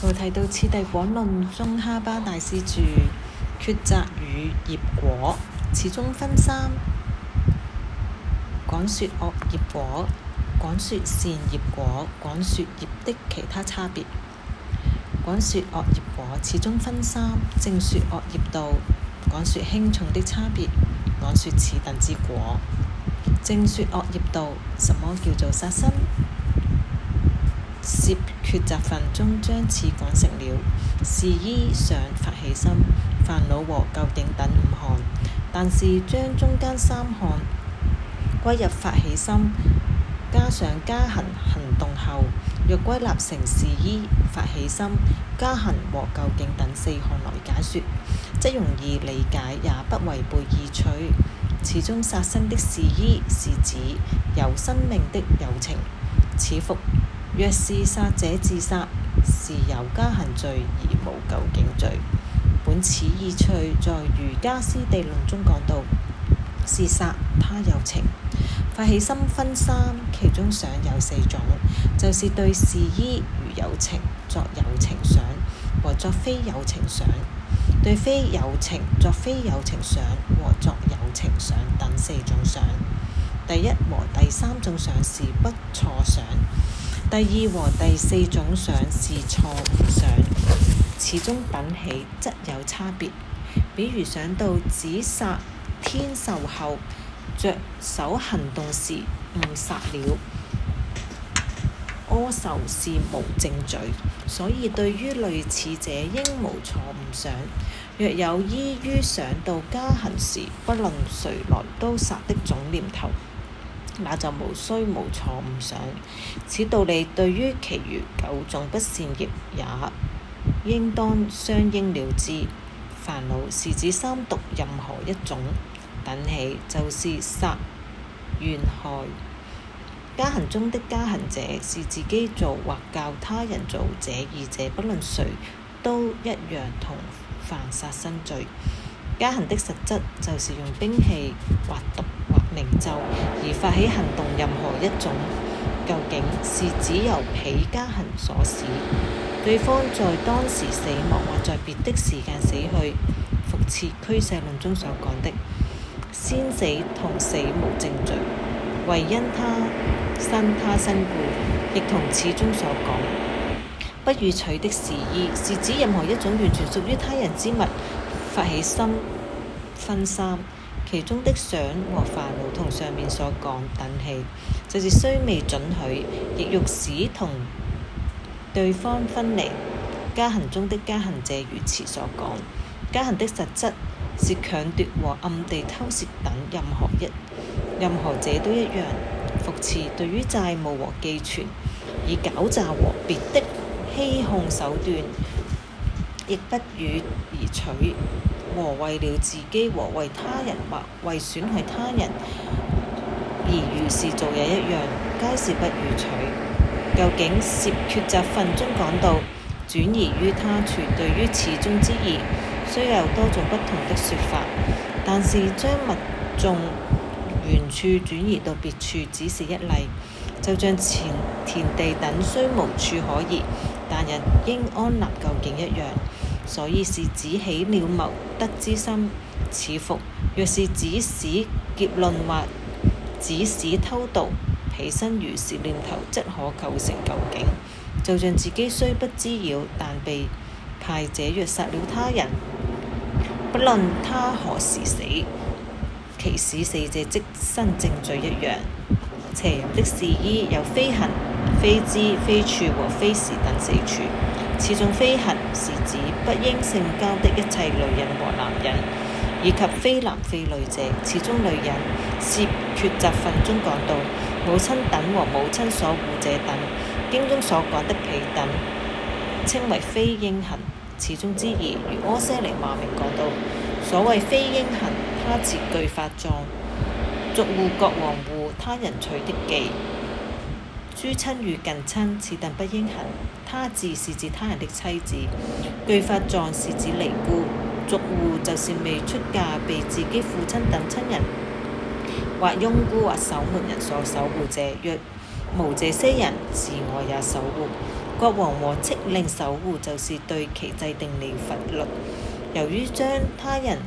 菩提道次第廣論中哈巴大師著抉擇與業果，此中分三，講說惡業果，講說善業果，講說業的其他差別。講說惡業果，此中分三，正說惡業道，講說輕重的差別，講說此等之果，正說惡業道，什麼叫做殺生？攝決擇分中將此講成了，是依想發起心、煩惱和究竟等五項，但是將中間三項歸入發起心，加上加行行動後，若歸納成是依發起心、加行和究竟等四項來解說，則容易理解，也不違背意趣。始終殺生的是依是指有生命的有情，此復。若是殺者自殺，是有加行罪而無究竟罪。本此意趣，在瑜伽師地論中講到，是殺他有情，發起心分三，其中想有四種，就是對事依如有情作有情想和作非有情想，對非有情作非有情想和作有情想等四種想。第一和第三種想是不錯想。第二和第四種想是錯誤想，始終品起則有差別。比如想到只殺天壽後，着手行動時誤殺了阿壽是無證罪，所以對於類似者應無錯誤想。若有依於想到加行時不論誰來都殺的種念頭。那就無須無錯誤想，此道理對於其餘九種不善業也應當相應了知。煩惱是指三毒任何一種等起，就是殺、怨害。加行中的加行者是自己做或教他人做者，二者不論誰都一樣同犯殺生罪。加行的實質就是用兵器或毒。明咒而發起行動，任何一種。究竟是指由彼加行所使，對方在當時死亡或在別的時間死去，復次俱舍論中所講的先死同死無正罪，唯因他生他身故，亦同此中所講不與取的事意是指任何一種完全屬於他人之物發起心分三。其中的想和煩惱同上面所講等起，就是雖未准許，亦欲使同對方分離。加行中的加行者如前所講，加行的實質是強奪和暗地偷竊等任何一任何者都一樣。服侍對於債務和寄存，以狡詐和別的欺哄手段，亦不予而取。和為了自己和為他人或為損害他人而如是做也一樣，皆是不如取。究竟涉抉擇分中講到轉移於他處對始，對於此中之意，雖有多種不同的說法，但是將物從原處轉移到別處，只是一例。就像前田地等雖無處可移，但人應安立究竟一樣。所以是指起了謀得之心，似福；若是指使劫掠或指使偷渡，彼身如是念頭即可構成究竟。就像自己雖不知曉，但被派者若殺了他人，不論他何時死，其使死者即身正罪一樣。邪淫的四依，有非行、非知、非處和非時等四處。此中非行是指不應性交的一切女人和男人，以及非男非女者。此中女人，攝決擇分中講到，母親等和母親所護者等，經中所講的彼等，稱為非應行。此中之意，如阿闍黎馬鳴講到，所謂非應行，他設俱法狀，逐護各王護他人取的記。諸親與近親，此等不應行。他子是指他人的妻子，具法葬是指尼姑，俗戶就是未出嫁被自己父親等親人或傭姑或守門人所守護者。若無這些人，自我也守護。國王和敕令守護就是對其制定了法律。由於將他人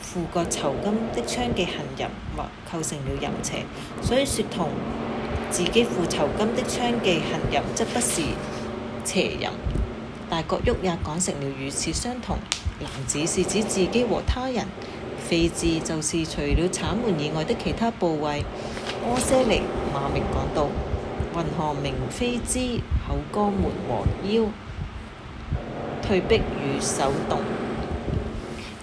付過酬金的娼妓行人，或構成了淫邪，所以説同。自己付酬金的娼妓行人，恨則不是邪淫，大國喐也講成了與此相同。男子是指自己和他人，廢字就是除了產門以外的其他部位。柯舍尼馬明講道，雲何明妃之口、肛門和腰，退壁與手動。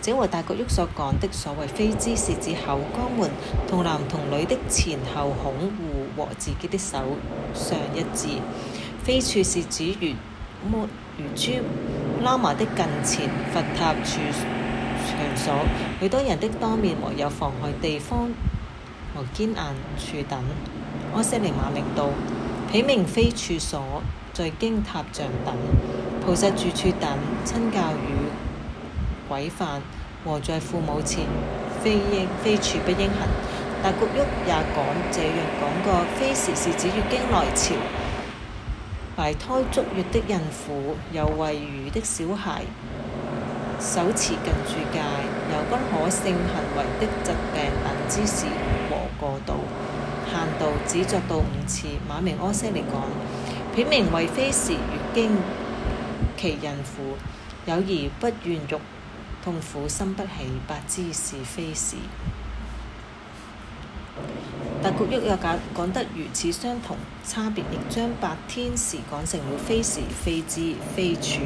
因為大覺旭所講的所謂非支，是指口、肛門童男童女的前後孔，戶和自己的手上一致。「非處是指如摸如，如珠喇嘛的近前佛塔處場所，許多人的當面沒有妨害地方和堅硬處等。阿西尼瑪明道，起名非處所，在經塔像等菩薩住處等親教與鬼犯。和在父母前，非應非處不應行。但谷郁也講，這樣講過，非時是指月經來潮、懷胎足月的孕婦、有餵乳的小孩、手持近住戒有不可性行為的疾病等之事和過度限度，只作到五次。馬明柯西尼講，片名為非時，月經期、孕婦有兒不願欲。痛苦心不起，百知是非時。白國煜又假講,講得如此相同，差別亦將白天時講成了非時、非支非處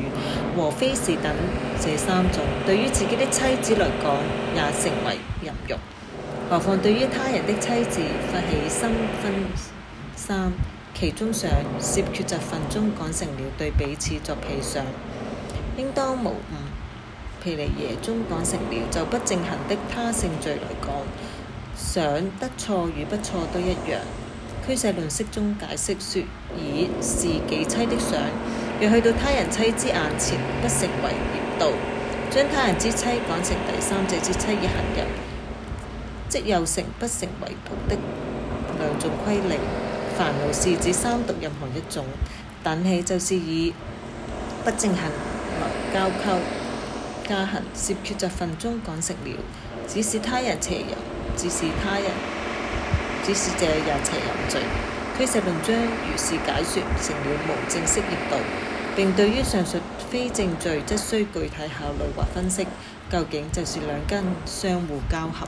和非時等這三種對於自己的妻子來講也成為淫欲。何況對於他人的妻子發起心分三，其中上攝決擇分中講成了對彼此作悲想，應當無誤。其嚟耶中講成了就不正行的他性罪來講，想得錯與不錯都一樣。俱舍論釋中解釋說，以是己妻的想，若去到他人妻之眼前，不成為業道，將他人之妻講成第三者之妻而行人，即又成不成為業的兩種規例。煩惱是指三毒任何一種，等起就是以不正行來交溝。家恆涉缺在份中講食了，指使他人邪淫，指使他人，指使者也邪淫罪。俱舍論將如是解說成了無正式業道，並對於上述非正罪則需具體考慮或分析。究竟就是兩根相互交合。